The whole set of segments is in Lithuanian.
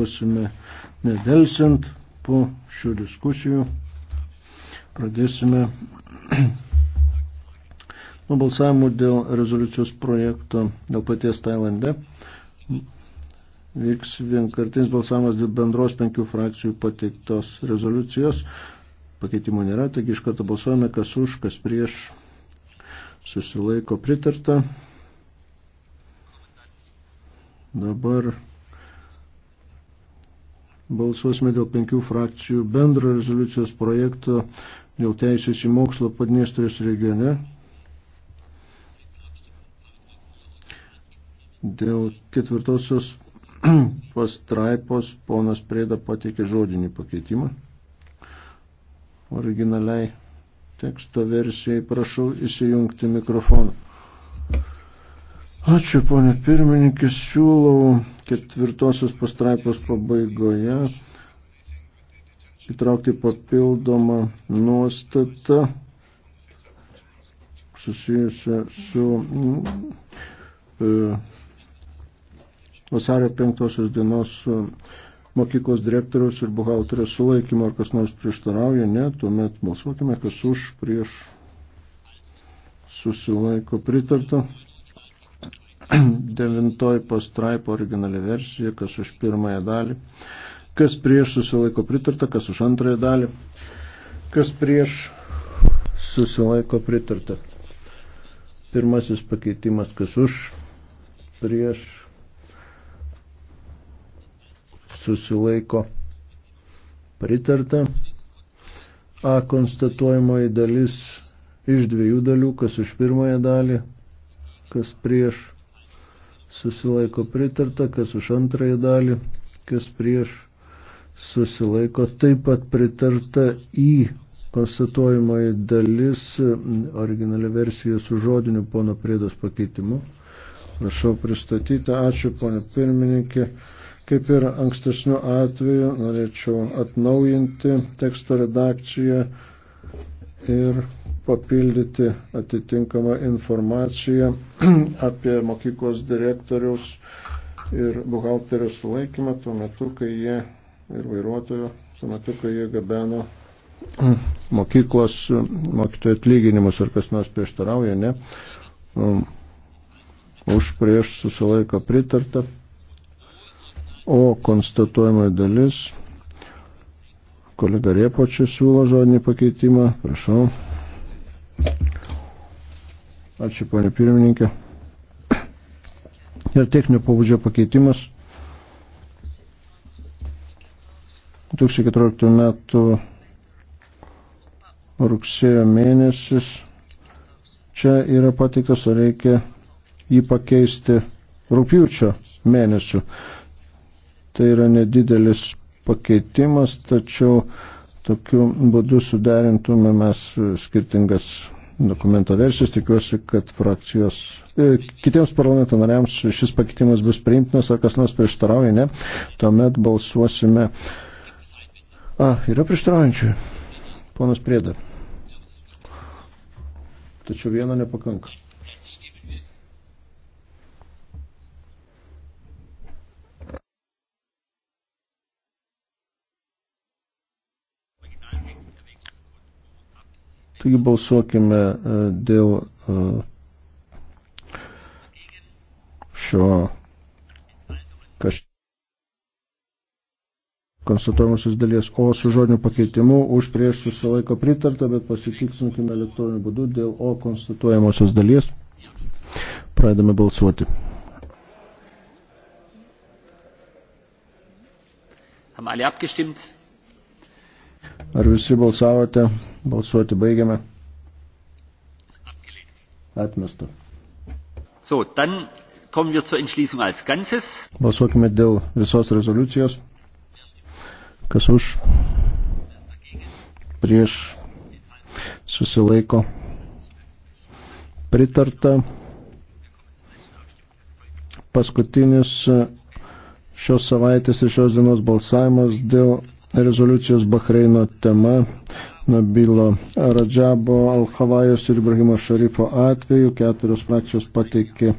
balsuosime nedelsint po šių diskusijų. Pradėsime nuo balsavimų dėl rezoliucijos projekto dėl paties Tailande. Vyks vienkartinis balsavimas dėl bendros penkių frakcijų pateiktos rezoliucijos. Pakeitimų nėra, taigi iš karto balsuojame, kas už, kas prieš susilaiko pritarta. Dabar balsuosime dėl penkių frakcijų bendro rezoliucijos projekto dėl teisės į mokslo Padniestrės regione. Dėl ketvirtosios pastraipos ponas Prėda pateikė žodinį pakeitimą. Originaliai teksto versijai prašau įsijungti mikrofoną. Ačiū, ponė pirmininkė, siūlau ketvirtosios pastraipos pabaigoje įtraukti papildomą nuostatą susijusią su e, vasario penktosios dienos mokyklos direktoriaus ir buhalterio sulaikymo, ar kas nors prieštarauja, ne, tuomet balsuokime, kas už, prieš susilaiko pritarta. Devintoji pastraipo originali versija, kas už pirmąją dalį, kas prieš susilaiko pritarta, kas už antrąją dalį, kas prieš susilaiko pritarta. Pirmasis pakeitimas, kas už, prieš susilaiko pritarta. A konstatuojamoji dalis iš dviejų dalių, kas už pirmąją dalį, kas prieš susilaiko pritarta, kas už antrąją dalį, kas prieš susilaiko taip pat pritarta į konstatuojamoji dalis originalią versiją su žodiniu pono priedos pakeitimu. Prašau pristatyti, ačiū ponė pirmininkė. Kaip ir ankstesniu atveju, norėčiau atnaujinti teksto redakciją ir papildyti atitinkamą informaciją apie mokyklos direktoriaus ir buhalterio sulaikymą tuo metu, kai jie ir vairuotojo, tuo metu, kai jie gabeno mokyklos mokytojų atlyginimus, ar kas nors prieštarauja, ne. Um, už prieš susilaiko pritarta. O konstatuojama dalis kolega Riepočius siūlo žodinį pakeitimą. Prašau. Ačiū, ponė pirmininkė. Ir techninio pabudžio pakeitimas. 2014 metų rugsėjo mėnesis. Čia yra patiktas, ar reikia jį pakeisti rūpiučio mėnesiu. Tai yra nedidelis pakeitimas, tačiau Tokiu būdu suderintume mes skirtingas dokumento versijos. Tikiuosi, kad frakcijos e, kitiems parlamento nariams šis pakeitimas bus priimtinas, ar kas nors prieštarauja, ne. Tuomet balsuosime. A, yra prieštaraujančių. Ponas Prieda. Tačiau vieno nepakanka. Taigi balsuokime e, dėl e, šio kaž... konstatuojamosios dalies, o su žodiniu pakeitimu už prieš susilaiko pritarta, bet pasitiksinkime elektroniniu būdu dėl o konstatuojamosios dalies. Pradame balsuoti. Haben alle abgestimmt? Ar visi balsavote? Balsuoti baigiame. Atmesta. So, dann kommen wir zur Entschließung als Ganzes. Balsuokime dėl visos rezoliucijos. Kas už? Prieš susilaiko. Pritarta. Paskutinis šios savaitės ir šios dienos balsavimas dėl rezoliucijos Bahreino tema Nabilo Radžabo Alhavajos ir Ibrahimo Šarifo atveju. Keturios frakcijos pateikė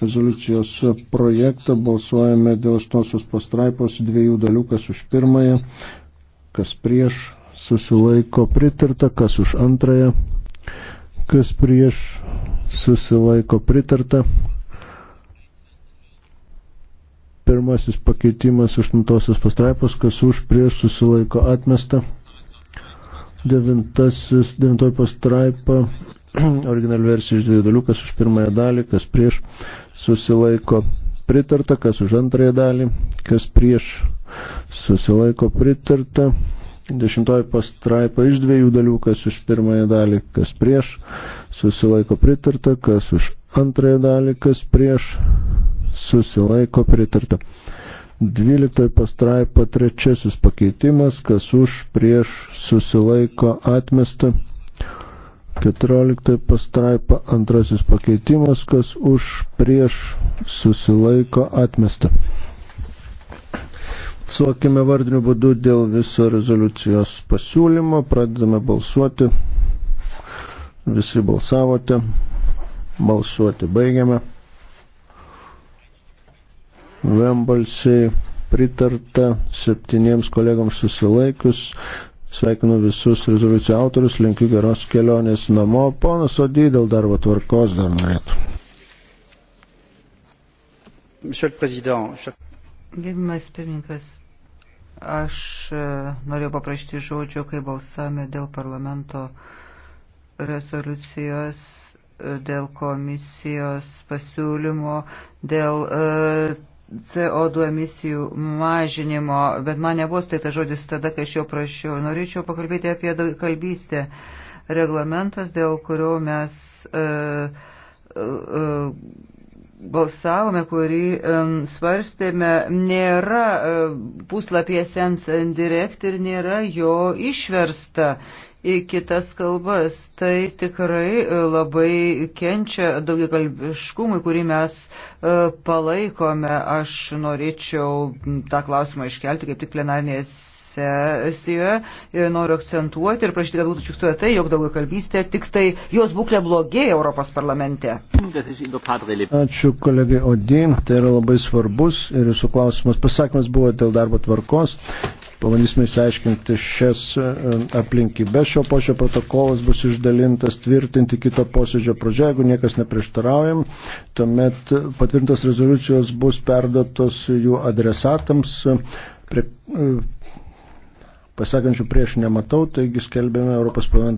rezoliucijos projektą. Balsuojame dėl aštuosios pastraipos dviejų dalių, kas už pirmąją, kas prieš, susilaiko pritarta, kas už antrąją, kas prieš, susilaiko pritarta. Pirmasis pakeitimas aštuntosios pastraipos, kas už prieš susilaiko atmesta. Devintasis, devintoj pastraipa, original versija iš dviejų dalių, kas už pirmąją dalį, kas prieš susilaiko pritarta, kas už antrąją dalį, kas prieš susilaiko pritarta. Dešimtoji pastraipa iš dviejų dalių, kas už pirmąją dalį, kas prieš, susilaiko pritarta, kas už antrąją dalį, kas prieš, susilaiko pritarta. 12 pastraipa trečiasis pakeitimas, kas už prieš susilaiko atmesta. 14 pastraipa antrasis pakeitimas, kas už prieš susilaiko atmesta. Suokime vardiniu būdu dėl viso rezoliucijos pasiūlymo, pradedame balsuoti. Visi balsavote, balsuoti baigiame vienbalsiai pritarta, septyniems kolegams susilaikius. Sveikinu visus rezoliucijų autorius, linkiu geros kelionės namo. Ponas Odį dėl darbo tvarkos dar norėtų. Gerbimas pirmininkas, aš e, norėjau paprašyti žodžio, kai balsavome dėl parlamento rezoliucijos e, dėl komisijos pasiūlymo, dėl e, CO2 emisijų mažinimo, bet man nebuvo tai ta žodis tada, kai aš jo prašiau. Norėčiau pakalbėti apie kalbystę. Reglamentas, dėl kurio mes uh, uh, balsavome, kurį um, svarstėme, nėra uh, puslapyje Sense and Direct ir nėra jo išversta į kitas kalbas. Tai tikrai e, labai kenčia daugiakalbiškumui, kurį mes e, palaikome. Aš norėčiau tą klausimą iškelti kaip tik plenarnėje sesijoje ir e, noriu akcentuoti ir prašyti, kad būtų fiksuoja tai, jog daugiakalbystė tik tai jos būklė blogėja Europos parlamente. Ačiū kolegai Odin, tai yra labai svarbus ir jūsų klausimas pasakymas buvo dėl darbo tvarkos. Pabandysime įsiaiškinti šias e, aplinkybės. Šio pošio protokolas bus išdalintas tvirtinti kito posėdžio pradžioje, jeigu niekas neprieštaraujam. Tuomet patvirtintos rezoliucijos bus perdotos jų adresatams. Prie, e, pasakančių prieš nematau, taigi skelbėme Europos parlamento.